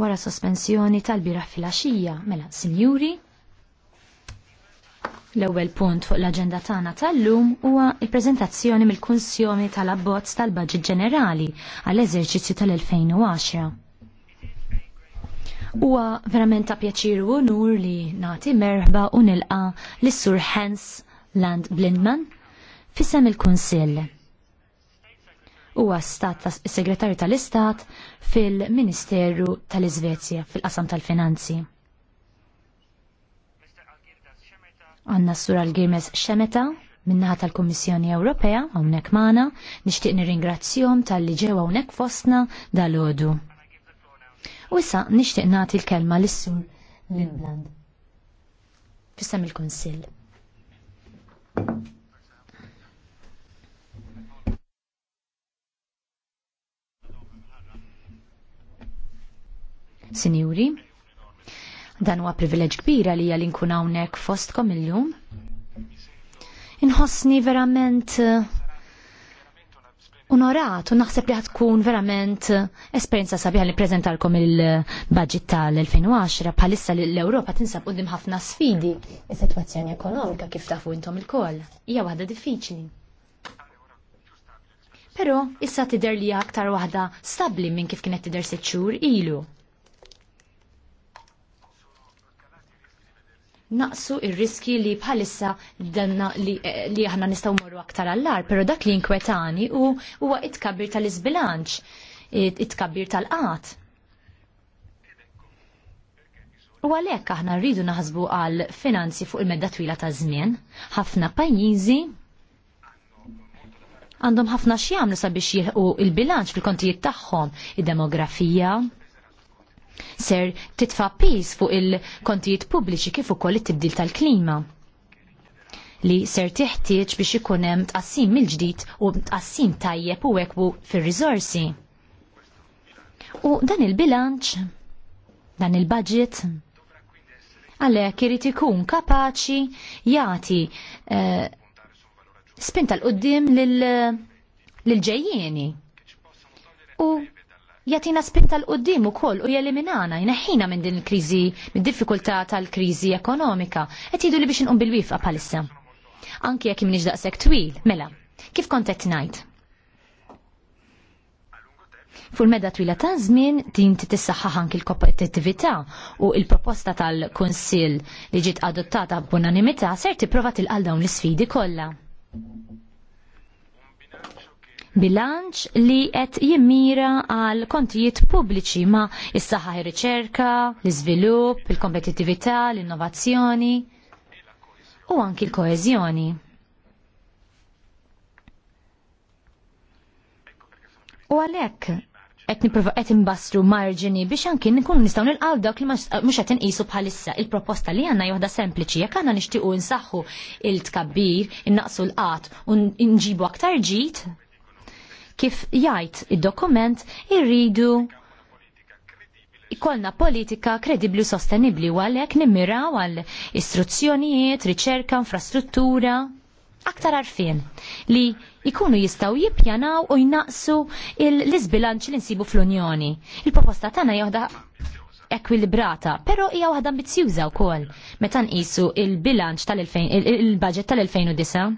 wara sospensjoni tal-biraħ fil-axija mela sinjuri. L-ewwel punt fuq l-aġenda tagħna tal-lum huwa l-preżentazzjoni mill-Kunsjoni tal-Abbozz tal budget Ġenerali għall-eżerċizzju tal-2010. Huwa verament ta' pjaċir u onur li nagħti merħba u nilqa lis sur Hans Land Blindman fissem il-Kunsill huwa stat segretarju tal-Istat fil-Ministeru tal-Iżvezja fil-qasam tal-Finanzi. Għanna s-sur għal-Girmes Xemeta minnaħat tal-Kommissjoni Ewropea hawnhekk magħna nixtieq ingrazzjom tal-li ġew hawnhekk fostna dal ħodu U issa nixtieq nagħti l-kelma lis-sur Lindland. Fissam il-Kunsill. Sinjuri, dan huwa privileġġ kbira li li nkun hawnhekk fostkom illum. Inħossni verament unorat uh, u naħseb li tkun verament uh, esperjenza sabiħa li prezentalkom il-budget tal-2010 bħalissa li l-Ewropa tinsab qudiem ħafna sfidi. Is-sitwazzjoni ekonomika kif tafu intom il-koll hija waħda diffiċli. Però issa tidher li aktar waħda stabli minn kif kienet tidher sitt xhur ilu. naqsu ir-riski li bħalissa danna li, eh, aħna nistgħu morru aktar allar, pero dak li inkwetani u huwa it-kabbir tal-iżbilanċ, it-kabbir tal-qat. U għalhekk aħna rridu naħsbu għal finanzi fuq il-medda twila ta' żmien, ħafna pajjiżi għandhom ħafna x'jamlu sabiex jieħu il-bilanċ fil-kontijiet tagħhom, id-demografija, il-bilanċ fil-kontijiet tagħhom, id-demografija, ser titfa' pis fuq il-kontijiet pubbliċi kif ukoll it-tibdil tal-klima li ser tiħtieġ biex ikun hemm tqassim mill-ġdid u tqassim tajjeb u ekbu fir-riżorsi. U dan il-bilanċ, dan il-budget, għalhekk irid ikun kapaċi jagħti spinta l qudiem lil ġejjieni u jatina spinta l-qoddim u koll u jeliminana, jneħħina minn din il-krizi, minn diffikultà tal-krizi ekonomika, et jidu li biex nqum bil-wifqa palissa. Anki jek imniġ daqsek twil, mela, kif kontet najt? Ful meda twila ta' żmien din titissaħħaħ anki l-kompetittività u l-proposta tal-Kunsill li ġiet adottata b'unanimità ser tipprova tilqal dawn l-isfidi kollha bilanċ li qed jimmira għal kontijiet pubbliċi ma is-saħħa riċerka, l-iżvilupp, il-kompetittività, l-innovazzjoni u anki l-koeżjoni. U għalhekk qed nipprova qed imbastru marġini biex anki nkun nistgħu nilqgħu dawk li mhux qed inqisu bħalissa. Il-proposta li għandna joħda sempliċi jekk għandna nixtiequ nsaħħu il-tkabbir, innaqsu l-qatt u nġibu aktar ġid, kif jgħid id-dokument irridu ikollna politika kredibli u sostenibli u għalhekk nimmiraw għal istruzzjonijiet, riċerka, infrastruttura, aktar għarfien li ikunu jistaw jippjanaw u jnaqsu l-izbilanċ li nsibu fl-Unjoni. Il-proposta tagħna joħda ekwilibrata, pero hija waħda ambizzjuża wkoll meta nqisu il-bilanċ tal-2000 il-budget tal-2009.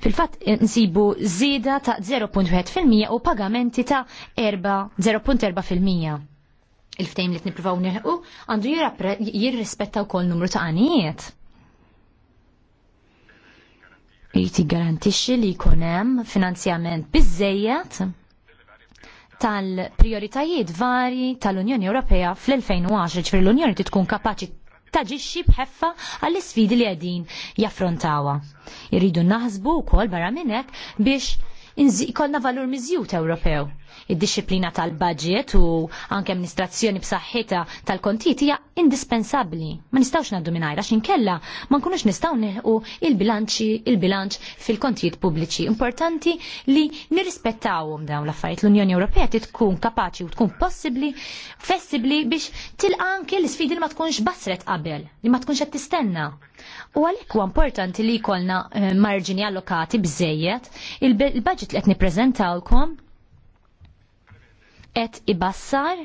Fil-fatt eh, nsibu żieda ta' 0.1% u pagamenti ta' 0.4%. il ftejn li t-niprofaw nirħu għandu jirrispetta wkoll numru ta' għanijiet. Jiti garantixxi li jkun hemm finanzjament biżejjed tal-prioritajiet varji tal-Unjoni Ewropea fl-2010, ġifri l-Unjoni tkun kapaċi taġixxi bħeffa għall isfidi li għedin jaffrontawa. Irridu naħsbu wkoll barra minnek biex inżikolna valur mizjut Ewropew. Id-disciplina tal-budget u anke amministrazzjoni b'saħħitha tal-kontit hija indispensabbli. Ma nistgħux ngħaddu mingħajr għax inkella ma nkunux nistgħu neħu il-bilanċi il-bilanċ fil-kontijiet pubbliċi. Importanti li nirrispettawhom dawn l-affarijiet. L-Unjoni Ewropea tkun kapaċi u tkun possibbli, flessibbli biex tilqa anke l-isfidi li ma tkunx basret qabel, li ma tkunx qed tistenna. U għalhekk huwa importanti li jkollna eh, marġini allokati bżejjed il-budget li qed nippreżentawlkom et ibassar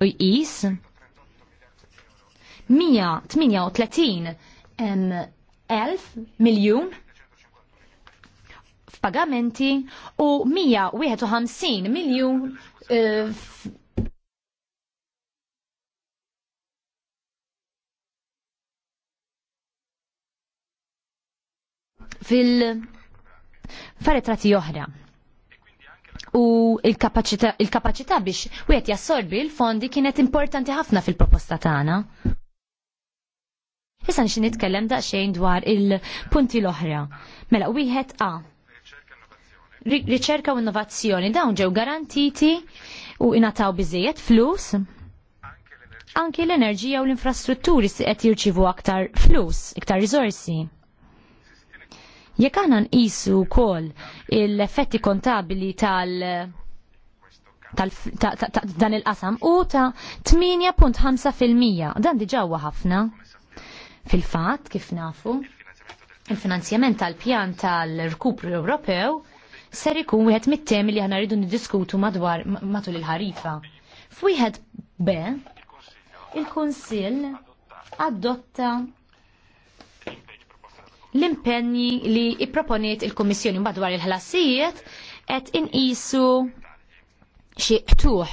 u jqis 138 elf miljun f'pagamenti u 151 miljun eh, fil-faretrati oħra u il-kapacità il biex wieħed jassorbi l-fondi kienet importanti ħafna fil-proposta tagħna. Issa nixin nitkellem daqsxejn dwar il-punti l-oħra. Mela, wieħed A. Riċerka u innovazzjoni dawn ġew garantiti u inataw biżejjed flus anki l-enerġija u l-infrastrutturi se qed jirċivu aktar flus, iktar riżorsi. Jekk aħna nqisu wkoll l-effetti kontabili tal- dan il-qasam u ta' 8.5% dan diġawa ħafna fil-fat kif nafu il-finanzjament tal-pjan tal-rkupru Ewropew ser ikun wieħed mit-temi li aħna rridu niddiskutu madwar matul il-ħarifa. F'wieħed B il-Kunsill adotta l-impenni li ipproponiet il-Kummissjoni madwar il-ħlasijiet qed inqisu xi ktuħ.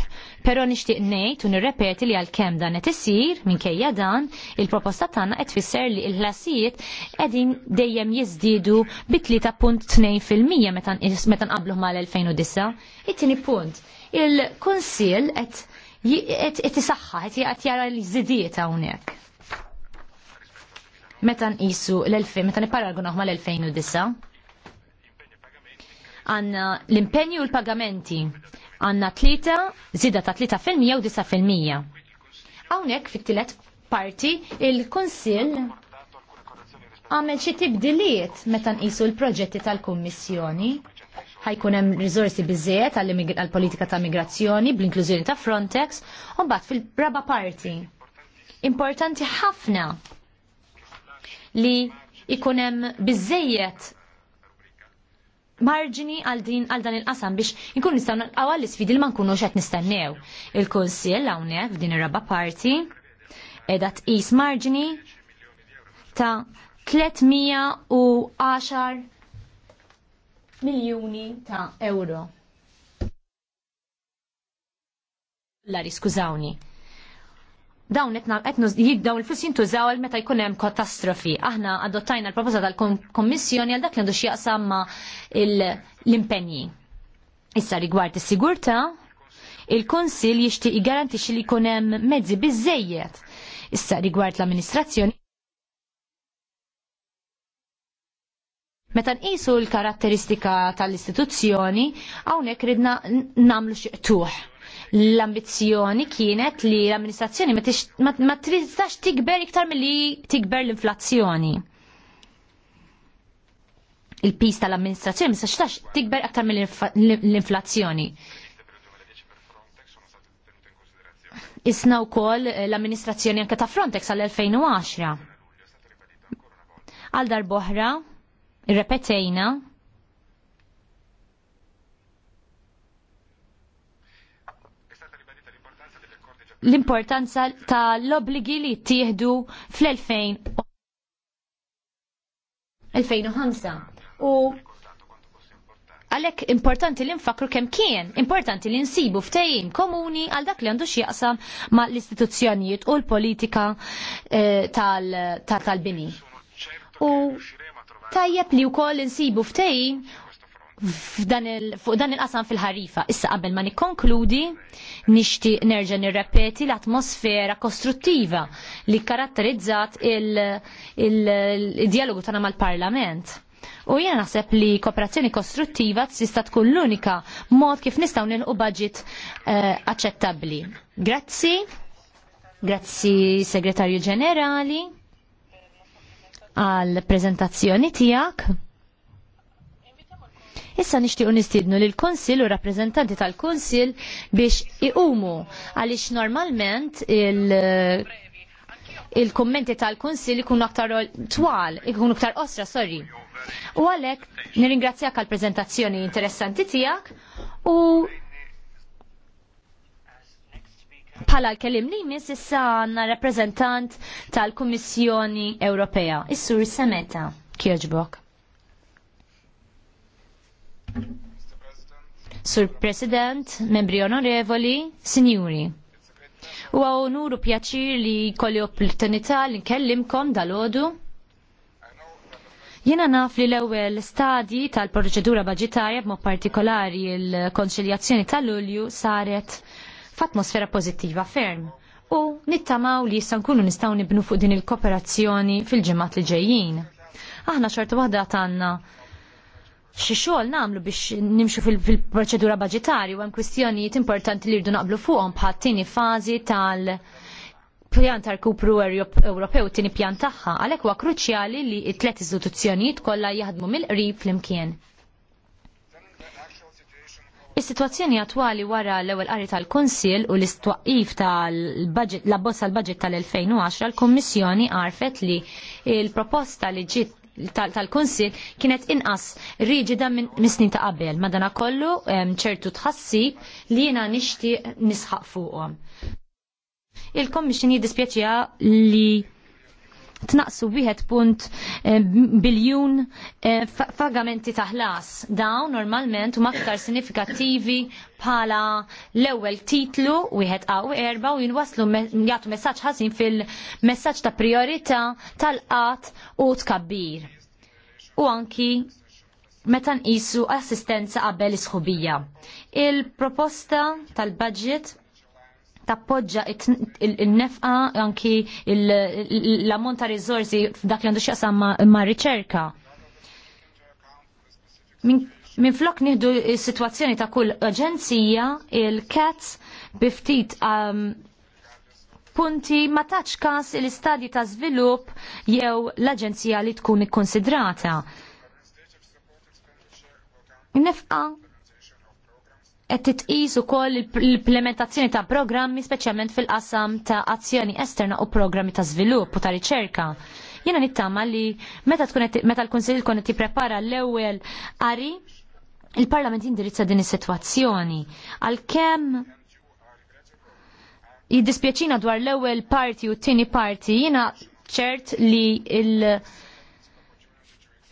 però nixtieq ngħid u nirrepeti li għalkemm dan qed isir minkejja dan, il-proposta tagħna qed tfisser li l-ħlasijiet qegħdin dejjem jiżdiedu bi 3.2% meta nqablu mal-2009. It-tieni punt, il-Kunsill qed qed isaħħa qed jara li żidiet hawnhekk meta nqisu l-2000, meta nipparagunaw ma l-2009. Għanna l-impenju u l-pagamenti għanna 3, zida ta' 3% u 9%. Hawnhekk fit-tielet parti il-Kunsill għamel xi tibdiliet meta nqisu l-proġetti tal-Kummissjoni ħajkun hemm rizorsi biżejjed għall-politika ta' migrazzjoni bl-inklużjoni ta' Frontex u mbagħad fil-raba parti. Importanti ħafna li ikunem bizzejiet marġini għal din għal dan il-qasam biex nkun nistgħu naqgħu għall isfidi li ma nkunux qed nistennew. il kunsiel hawnhekk f'din ir-raba parti edat tqis marġini ta' 310 miljuni ta' euro. Lari, skużawni dawn jiddaw il-flus jintużaw għal meta jkun hemm katastrofi. Aħna adottajna l-proposta tal-Kommissjoni għal dak li għandu xi ma' l-impenji. Issa rigward is-sigurtà, il-Konsil jixtieq jgarantixxi li jkun hemm mezzi biżejjed. Issa rigward l-amministrazzjoni Meta nqisu l-karatteristika tal-istituzzjoni, hawnhekk ridna nagħmlu xi qtuħ L-ambizzjoni kienet li l-amministrazzjoni ma tristax tikber iktar milli tikber l-inflazzjoni. il pista tal-amministrazzjoni ma tristax tikber aktar mill-inflazzjoni. Isna wkoll eh, l-amministrazzjoni anke ta' Frontex għal 2010 Għal darboħra, irrepetejna, l-importanza tal-obligi li jittieħdu fl-2000 2005 u għalek importanti li nfakru kem kien, importanti li nsibu ftejim komuni għal dak li għandu xieqsam ma l-istituzzjonijiet u l-politika eh, tal-bini. u tajjeb li u koll nsibu ftejim fuq dan il-qasam fil-ħarifa. Issa qabel ma nikkonkludi, nixti nerġa' nirrepeti l-atmosfera kostruttiva li karatterizzat il-dialogu tagħna mal-Parlament. U jiena naħseb li kooperazzjoni kostruttiva tista' tkun l-unika mod kif nistgħu nilqu budget eh, aċċettabbli. Grazzi, grazzi Segretarju Ġenerali għal prezentazzjoni tiegħek. Issa nixtiequ nistiednu lil konsil u rappresentanti tal-Konsil biex iqumu għaliex normalment il- eh, il-kommenti tal-Konsil ikunu aktar twal, ikunu aktar osra, sorry. U għalek, nirringrazzjak għal prezentazzjoni interessanti tijak u pala l-kelim li jmiss issa għanna rappresentant tal-Kommissjoni Ewropea, Is-Sur Semeta, kieġbok. Sur President, membri onorevoli, sinjuri. U onuru pjaċir li kolli opportunità li nkellimkom dal-ħodu. Jena naf li l-ewel stadji tal-proċedura budgetarja b'mod partikolari il-konċiljazzjoni tal-Lulju saret f'atmosfera pozittiva ferm u nittamaw li jissan nkunu nistgħu nibnu fuq din il-kooperazzjoni fil-ġimgħat li ġejjin. Aħna xorta waħda t'anna xi xogħol nagħmlu biex nimxu fil-proċedura fil budġetarju hemm kwistjonijiet importanti li rridu naqblu fuqhom bħal tieni fażi tal pjan ta' rkupru Ewropew tini pjan tagħha għalhekk huwa kruċjali li t tlet istituzzjonijiet kollha jaħdmu mill-qrib flimkien. Is-sitwazzjoni attwali wara l-ewwel qari tal-Kunsill u l istwaqif tal-budget la bozza l-budget tal-2010 l-Kummissjoni għarfet li l proposta li ġiet tal-Konsil kienet inqas riġida minn snin ta' qabel. Madana kollu ċertu tħassib li jiena nixtieq nisħaq fuqhom. Il-Kommissjoni dispjaċija li tnaqsu wieħed punt eh, biljun pagamenti eh, ta' ħlas. Dawn normalment huma aktar sinifikattivi bħala l-ewwel titlu wieħed qaw erba' u jinwaslu jagħtu messaġġ ħażin fil-messaġġ ta' priorità tal-qatt u tkabbir. U anki meta nqisu assistenza qabel is-sħubija. Il-proposta tal-budget tappoġġa il-nefqa anki l-ammont ta' rizorsi f'dak li għandu x'jaqsam ma' riċerka. Min flok nieħdu s-sitwazzjoni ta' kull aġenzija il-cats biftit um, punti ma taċ kas il istadji ta' żvilupp jew l-aġenzija li tkun ikkonsidrata. Nefqa qed titqis ukoll l-implementazzjoni ta' programmi speċjalment fil-qasam ta' azzjoni esterna u programmi ta' żvilupp u ta' riċerka. Jiena nittama li meta tkun meta l-Kunsill tkun qed jipprepara l-ewwel qari il-Parlament jindirizza din is-sitwazzjoni għalkemm jiddispjaċina dwar l-ewwel parti u t-tieni parti jiena ċert li il-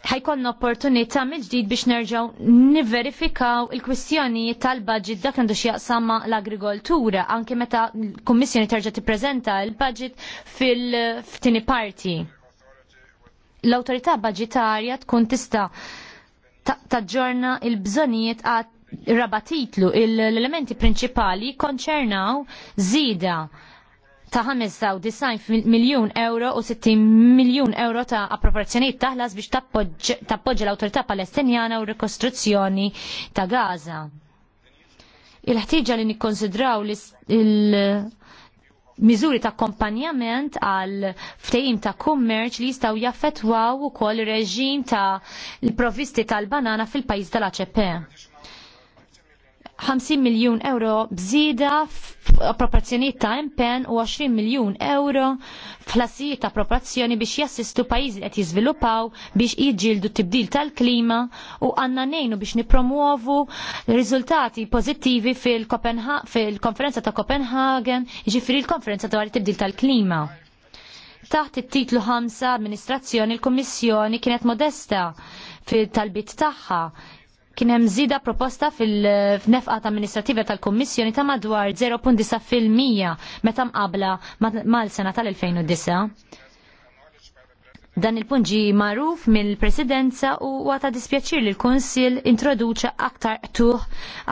ħajkonna opportunità mill-ġdid biex nerġgħu niverifikaw il-kwistjoni tal-budget dak għandu x'jaqsam l-agrikoltura anke meta l-Kummissjoni terġa' tippreżenta l-budget fil-ftini parti. L-awtorità budgetarja tkun tista' taġġorna il-bżonijiet għat rabatitlu l-elementi prinċipali konċernaw zida ta' 95 miljun euro u 60 miljun euro ta' appropriazzjonijiet taħlas biex tappoġġa l-Awtorità Palestinjana u rikostruzzjoni ta' Gaza. Il-ħtieġa li nikkonsidraw il-miżuri ta' kompanjament għal ftehim ta' kummerċ li jistgħu jaffettwaw ukoll ir reġim ta' l-provvisti tal-banana fil-pajjiż tal-ACP. 50 miljun euro bżida f'appropriazzjonijiet ta' impen u 20 miljun euro f'ħlasijiet ta' proporzjoni biex jassistu pajjiżi qed jiżviluppaw biex jiġġieldu tibdil tal-klima u għandna ngħinu biex nipromuovu riżultati pożittivi fil-konferenza ta' Copenhagen, jiġifieri l-konferenza dwar it-tibdil tal-klima. Taħt it-titlu 5 Amministrazzjoni l-Kummissjoni kienet modesta fil-talbit tagħha kien hemm żieda proposta fil-nefqa amministrativa tal-Kummissjoni ta' madwar 0.9% meta mqabla mal-sena tal-2009. Dan il-punt ġi magħruf mill-Presidenza u għata dispjaċir li l kunsill introduċa aktar tuħ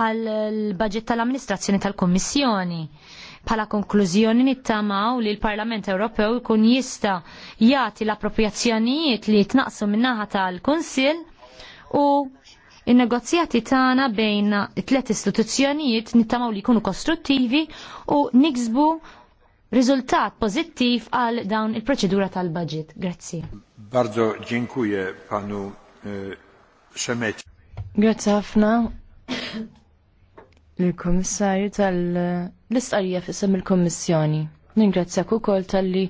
għal-budget tal-amministrazzjoni tal-Kummissjoni. Pala konklużjoni nittamaw li l-Parlament Ewropew kun jista jagħti l-appropriazzjonijiet li tnaqsu minnaħa tal kunsill u Il-negozjati tagħna bejn tliet istituzzjonijiet nittamaw li jkunu kostruttivi u niksbu riżultat pożittiv għal dawn il-proċedura tal-budget. Grazzi. Bardzo dziękuję panu e, Semet. Grazzi ħafna l-Komissarju tal-istqarrija fisem il-Kommissjoni. Ningrazzjak ukoll tal-li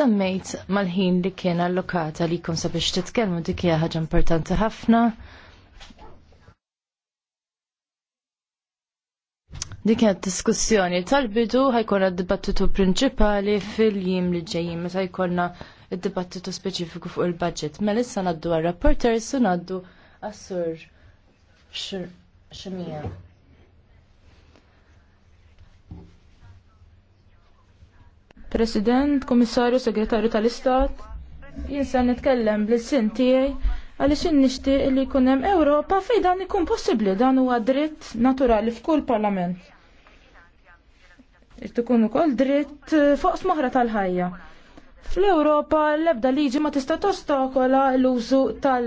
zammejt mal-ħin li kien allokata li kom sabiex titkellmu dik hija ħaġa importanti ħafna. Dik kienet diskussjoni tal-bidu ħajkonna d-dibattitu prinċipali fil-jiem li ġejjin meta jkollna d-dibattitu speċifiku fuq il-budget. Mela issa ngħaddu għar-rapporter su ngħaddu għassur xemija. President, Komissarju, Segretarju tal-Istat, jinsan nitkellem bl-sin tiegħi għaliex innixtieq li jkun hemm Ewropa fejn dan ikun possibbli dan huwa dritt naturali f'kull parlament. Irtikun ukoll dritt eh, fuq smoħra tal-ħajja. Fl-Europa l-ebda liġi ma tista' tostokola l-użu tal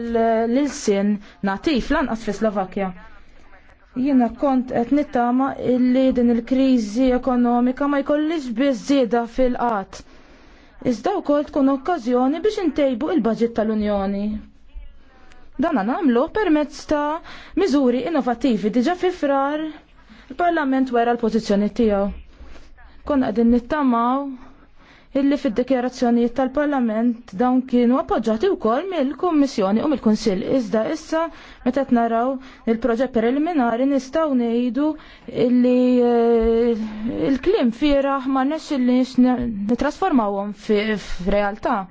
lilsin natif lanqas fi Slovakkja. Jiena kont qed nittama illi din il-kriżi ekonomika ma jkollix biss żieda fil-qatt. Iżda wkoll tkun okkażjoni biex intejbu il-baġit tal-Unjoni. Dan nagħmlu permezz ta' miżuri innovattivi diġa fi frar il-Parlament wera l-pożizzjoni tiegħu. Konna qegħdin nittamaw illi fid-dikjarazzjonijiet tal-Parlament dawn kienu appoġġati wkoll mill-Kummissjoni u mill-Kunsill. Iżda issa meta qed naraw il-proġett preliminari nistgħu ngħidu illi eh, il-kliem fieraħ ma nexxilniex nitrasformawhom f'realtà.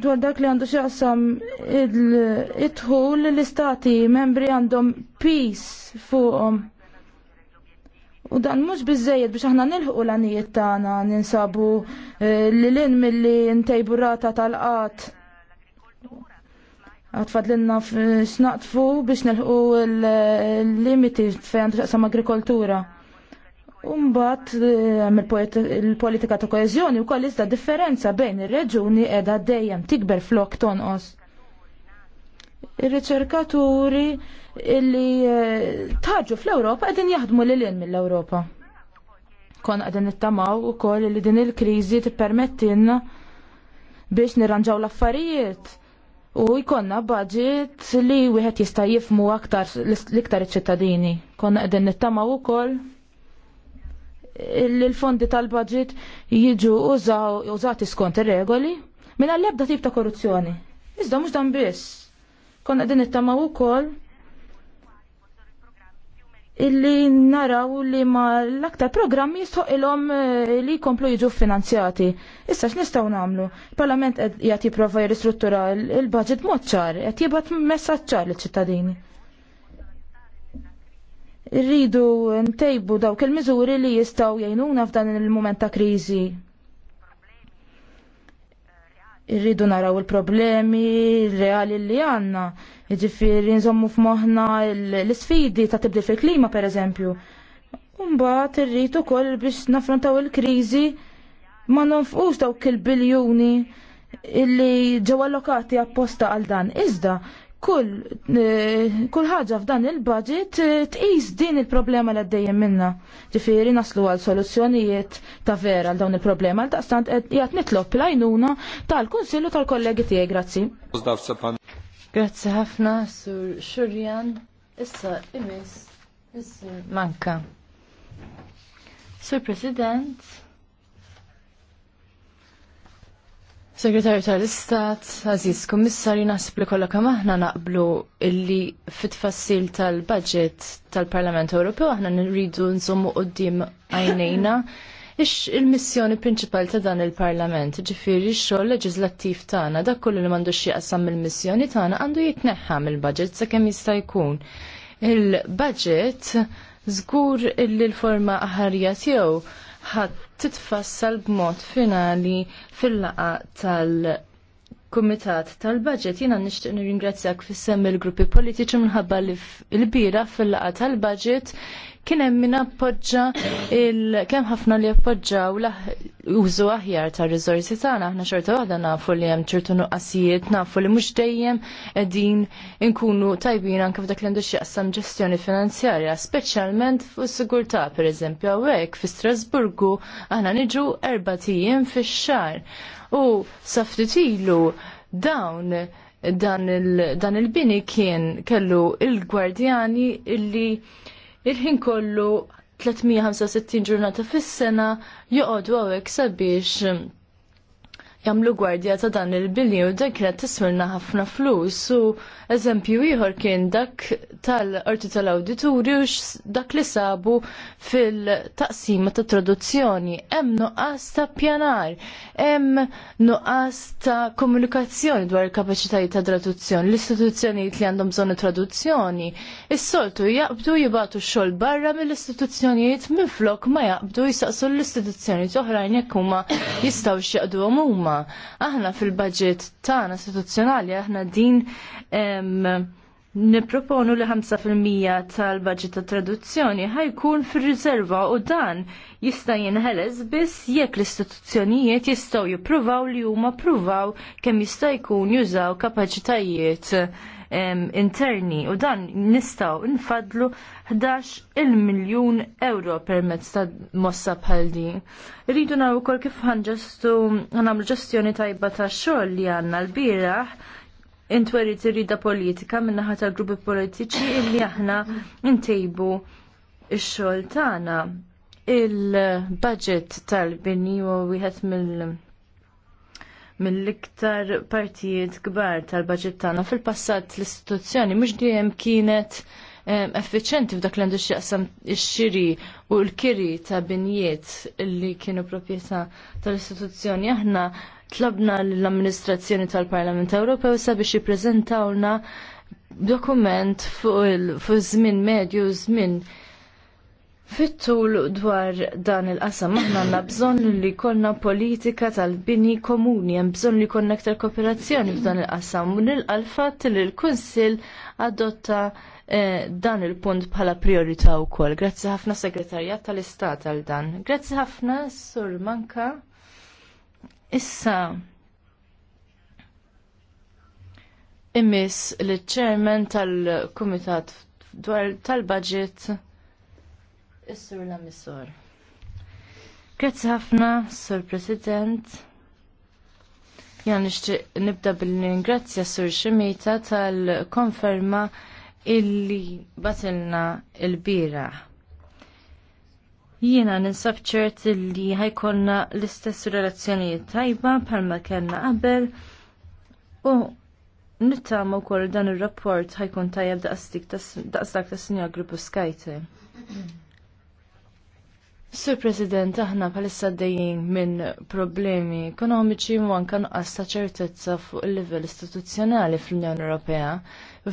dwar dak li għandu xaqsam id-dħul l-istati membri għandhom peace fuqhom. U dan mhux bizzejed biex aħna nilħu l-għanijiet tagħna ninsabu eh, lilin milli ntejbu rata tal-qat. f-snaqtfu biex nilħu l-limiti fejn xaqsam agrikoltura. Umbat, eh, il-politika ta' koezjoni u koll iżda differenza bejn ir-reġuni edha dejjem tikber flok tonqos. Ir-riċerkaturi illi eh, taġu fl-Ewropa qegħdin jaħdmu lil hinn mill-Ewropa. Kon qegħdin nittamaw ukoll li din il-kriżi tippermettilna biex nirranġaw l-affarijiet u jkonna budget li wieħed jista' jifmu aktar l-iktar iċ-ċittadini. Konna qegħdin nittamaw ukoll l-fondi tal-budget jiġu użati skont regoli minna l-ebda tip ta' korruzzjoni. Iżda mux dan biss. Konna din it-tama u kol illi naraw li ma l-aktar programmi il-om eh, li jkomplu jiġu finanzjati. Issa x'nistgħu nagħmlu? Il-Parlament qed jagħti jipprova jirristruttura l-budget mod ċar, qed jibgħat messaġġ ċar ċittadini Rridu ntejbu dawk il-miżuri li jistgħu jgħinuna f'dan il-mument ta' kriżi. Irridu naraw il-problemi reali li għanna. Ġifiri nżommu f'moħna l-sfidi ta' tibdil fil-klima, per eżempju. Umbat irrid kol biex nafrontaw il-kriżi ma nonfqux dawk il-biljuni illi ġew allokati apposta għal dan. Iżda kull eh, kull ħaġa f'dan il-budget eh, tqis din il-problema li għaddejjem minna. Ġifieri naslu għal soluzzjonijiet ta' vera għal dawn il-problema għal taqstant qed eh, nitlob l-għajnuna tal-Kunsillu tal-kollegi tiegħi, grazzi. Grazzi ħafna sur Xurjan. Issa imis, issa manka. Sur President, Segretarju tal-Istat, Aziz Kommissarju, nasib li kollha aħna naqblu illi fit-tfassil tal-budget tal-Parlament Ewropew aħna nridu nżommu qudiem għajnejna ix il-missjoni prinċipal ta' dan il-Parlament, ġifiri x-xogħol leġislattiv tagħna, dak kollu li m'għandux jaqsam il missjoni tagħna għandu jitneħħa mill-budget sakemm jista' jkun. Il-budget żgur l-forma aħarja tiegħu ħadd titfassal b'mod finali fil-laqa tal- Kumitat tal-Budget jiena nixtieq nirringrazzjak fis-semm il-gruppi politiċi minħabba li l-bira fil-laqgħa tal-Budget kien hemm min appoġġa il kemm ħafna li appoġġaw użu aħjar ta' riżorsi tagħna aħna xorta waħda nafu li hemm ċertu nuqqasijiet nafu li mhux dejjem qegħdin inkunu tajbin anke f'dak li għandu x'jaqsam ġestjoni finanzjarja, speċjalment fuq sigurtà pereżempju hawnhekk fi Strasburgu aħna niġu erba' tiem fix-xahar u saftitilu dawn dan, il, il-bini kien kellu il-gwardjani illi il-ħin kollu 365 ġurnata fis-sena joqogħdu hawnhekk sabiex Jamlu gwardja ta' dan il bini u dak kienet tismirna ħafna flus u eżempju ieħor kien dak tal-qorti tal-awdituri u dak li sabu fil-taqsima ta' traduzzjoni. Hemm nuqqas ta' pjanar, hemm nuqqas ta' komunikazzjoni dwar il-kapaċitajiet ta' traduzzjoni, l-istituzzjonijiet li għandhom bżonn traduzzjoni. Is-soltu jaqbdu jibgħatu xogħol barra mill-istituzzjonijiet minflok ma jaqbdu jisaqsu l-istituzzjonijiet oħrajn jekk huma jistgħu x'jaqduhom huma huma. Aħna fil-budget tagħna istituzzjonali aħna din Niproponu li 5% tal-budget ta' traduzzjoni ħajkun fir-riserva u dan jista' jinħeles biss jekk l-istituzzjonijiet jistgħu jippruvaw li huma pruvaw kemm jista' jkun jużaw kapaċitajiet interni u dan nistaw nfadlu 11 il-miljun euro permezz ta' mossa bħal din. Rridu naraw ukoll kif ħanġestu ħanamlu ġestjoni tajba ta' xogħol li għandna l-bieraħ intwerit irrida politika min-naħa tal-gruppi politiċi illi aħna ntejbu x xogħol tagħna. Il-budget tal-bini u wieħed mill- mill-iktar partijiet kbar tal-baġit tagħna fil-passat l-istituzzjoni mhux dejjem kienet eh, effiċenti f'dak l-għandu xieqsam ix-xiri u l-kiri ta' binjiet li kienu proprjetà tal-istituzzjoni aħna tlabna l-amministrazzjoni tal-Parlament Ewropew sabiex jippreżentawna dokument fuq żmien medju żmien Fittul dwar dan il-qasam aħna għandna bżonn li jkollna politika tal-bini komuni, hemm bżonn li jkollna ktar kooperazzjoni f'dan il-qasam u nilqa' fatt li l-Kunsill adotta eh, dan il-punt bħala priorità wkoll. Grazzi ħafna segretarjat tal-Istat għal dan. Grazzi ħafna Sur Manka. Issa immiss l-ċermen tal-Kumitat dwar tal-Budget is-sur la missur. Grazzi ħafna, sur President. Jan nixtieq nibda bil-ningrazzja sur Ximita tal-konferma illi batilna il bira Jiena ninsab ċert li ħajkonna l-istess relazzjonijiet tajba bħalma kellna qabel u nittama wkoll dan ir-rapport ħajkun tajjeb daqstak tas-sinja Gruppu skajti. Sur President, aħna bħalissa dejjin minn problemi ekonomiċi u anke nuqqas ta' ċertezza fuq il-livell istituzzjonali fl-Unjoni Ewropea.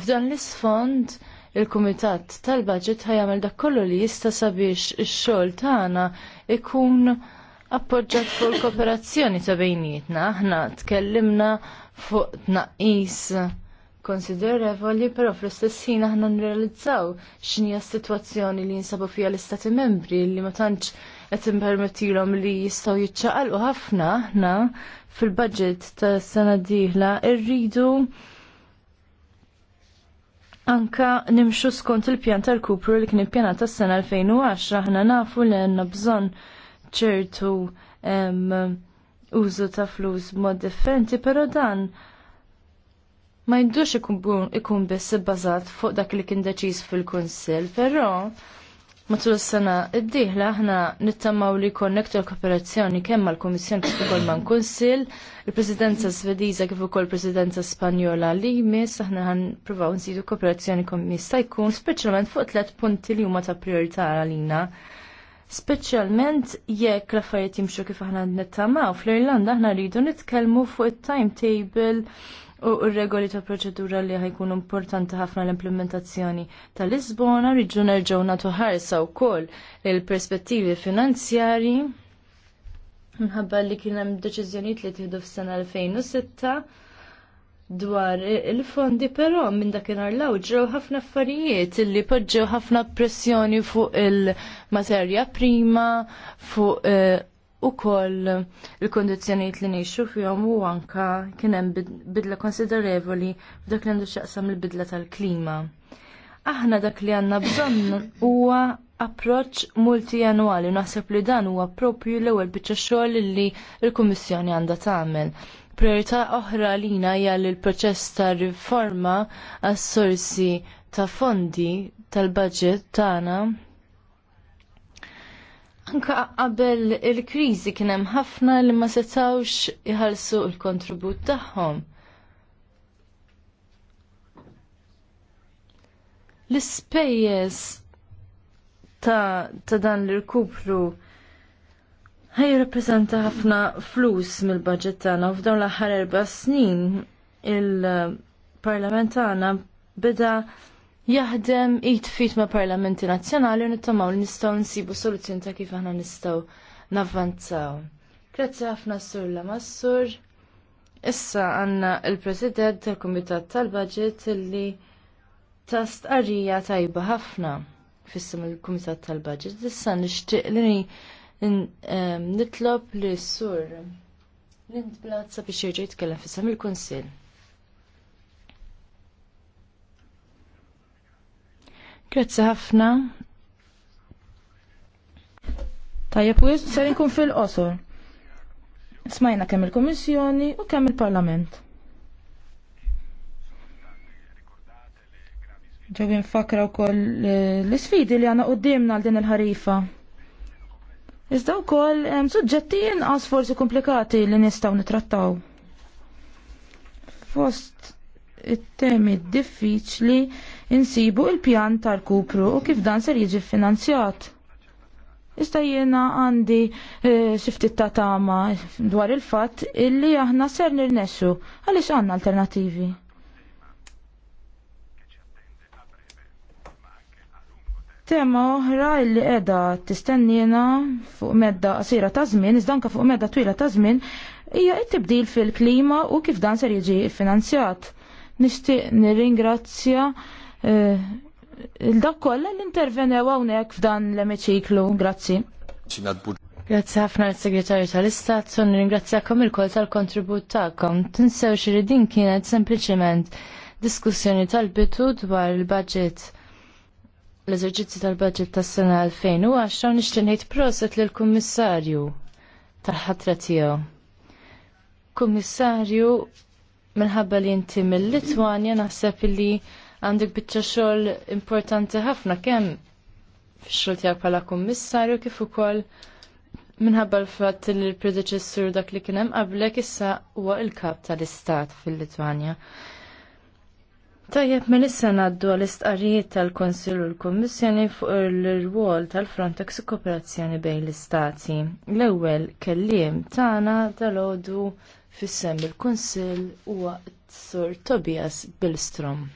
F'dan l-isfond, il-Kumitat tal-Baġit ħajamel dak kollu li jista' sabiex ix-xogħol tagħna ikun appoġġjat fuq kooperazzjoni ta' bejnietna. Aħna tkellimna fuq tnaqqis konsiderevoli, però fl-istess ħin aħna nrealizzaw x'inhi s-sitwazzjoni li jinsabu fiha l-Istati membri li ma tantx qed impermettilhom li jistgħu jiċċaqalqu ħafna aħna fil-budget tas sena d-dieħla rridu anka nimxu skont il-pjan tal-kupru li kien ippjanat tas-sena 2010 aħna nafu li għandna bżonn ċertu użu ta' flus mod differenti, però dan ma jindux ikun biss bazat fuq dak li kien deċiż fil-Kunsill, però matul is-sena d-dieħla aħna nittamaw li konnektu l-kooperazzjoni kemm mal-Kummissjoni kif ukoll man kunsill, il-Presidenza Svediża kif ukoll Presidenza Spanjola li jmiss aħna ħanpruvaw nsidu kooperazzjoni kom jista' jkun, speċjalment fuq tliet punti li huma ta' priorità għalina. Speċjalment jekk l-affarijiet jimxu kif aħna nittamaw fl-Irlanda aħna rridu nitkellmu fuq it-timetable u r-regoli ta' proċedura li ħajkun importanti ħafna l-implementazzjoni tal-Lisbona rridu nerġgħu nagħtu ħarsa wkoll il-perspettivi finanzjari minħabba li kien hemm deċiżjonijiet li tieħdu fis-sena 2006 dwar il-fondi però minn dakinhar law ġew ħafna affarijiet li poġġew ħafna pressjoni fuq il-materja prima fuq eh, u koll il-kondizjoniet li neħxu fjom u anka kienem bidla konsiderevoli f'dak li għandu xaqsam il-bidla tal-klima. Aħna dak li għanna bżonn huwa approċ multijanwali, naħseb li dan huwa propju l-ewwel biċċa xogħol li l-Kummissjoni għandha tagħmel. Priorità oħra lina hija li l-proċess ta' riforma għas-sorsi ta' fondi tal-budget tagħna Anka qabel il-kriżi kien hemm ħafna li ma setawx jħalsu il kontribut tagħhom. L-ispejjeż ta', ta dan l-irkupru ħaj jirrappreżenta ħafna flus mill-budget tagħna u f'dawn l-aħħar erba' snin il-parlament tagħna beda jaħdem fit ma' parlamenti nazzjonali u nittamaw li nistgħu nsibu soluzzjoni ta' kif aħna nistgħu navvanzaw. Grazzi ħafna sur Lamassur. massur. Issa għanna il-President tal-Kumitat tal-Budget li ta' stqarrija tajba ħafna fissim il-Kumitat tal-Budget. Issa nixtieq li nitlob li sur l-intblazza biex jirġa jitkellem fissim il-Konsil. Grazzi ħafna. Tajjeb u ser inkun fil-qosor. Smajna kemm il-Kummissjoni u kemm il-Parlament. Ġewin fakra wkoll eh, l-isfidi li għandna qudiemna għal din il-ħarifa. Iżda wkoll eh, hemm suġġetti inqas forsi komplikati li nistgħu nitrattaw. Fost it-temi diffiċli insibu il-pjan tal-kupru u kif dan ser jiġi finanzjat. Ista' jiena għandi eh, xiftit ta' tama dwar il-fatt illi aħna ser nirnexxu għaliex għandna alternativi. Tema oħra illi qiegħda tistennina fuq medda qasira ta' żmien, iżda fuq medda twila ta' żmien, hija t-tibdil fil-klima u kif dan ser jiġi finanzjat. Nixtieq nirringrazzja Eh, il dok kolla li intervenew hawnhekk f'dan l-emiċiklu. Grazzi. Grazzi ħafna l-Segretarju tal-Istat, son ringrazzjakom il-kol tal-kontribut tagħkom. Tinsew xiridin din kienet sempliċement diskussjoni tal-bitu dwar il-budget l-eżerġizzi tal-budget tas-sena u nixtieq ngħid proset lill-Kummissarju tal-ħatra tiegħu. Kummissarju minħabba li inti mill-Litwanja naħseb li għandek bitċa xogħol importanti ħafna kemm fix-xogħol tiegħek bħala kummissarju kif ukoll minħabba l fat li l-predeċessur dak li kien hemm qablek issa huwa l-kap tal-istat fil-Litwanja. Tajjeb, issa naddu għal-istqarijiet tal-Konsil u l-Kommissjoni fuq l-rwol tal-Frontex u kooperazzjoni bejn l-Istati. L-ewwel kelliem tagħna dal-għodu fis-sem il-Kunsill huwa s-Sur Tobias Bilstrom.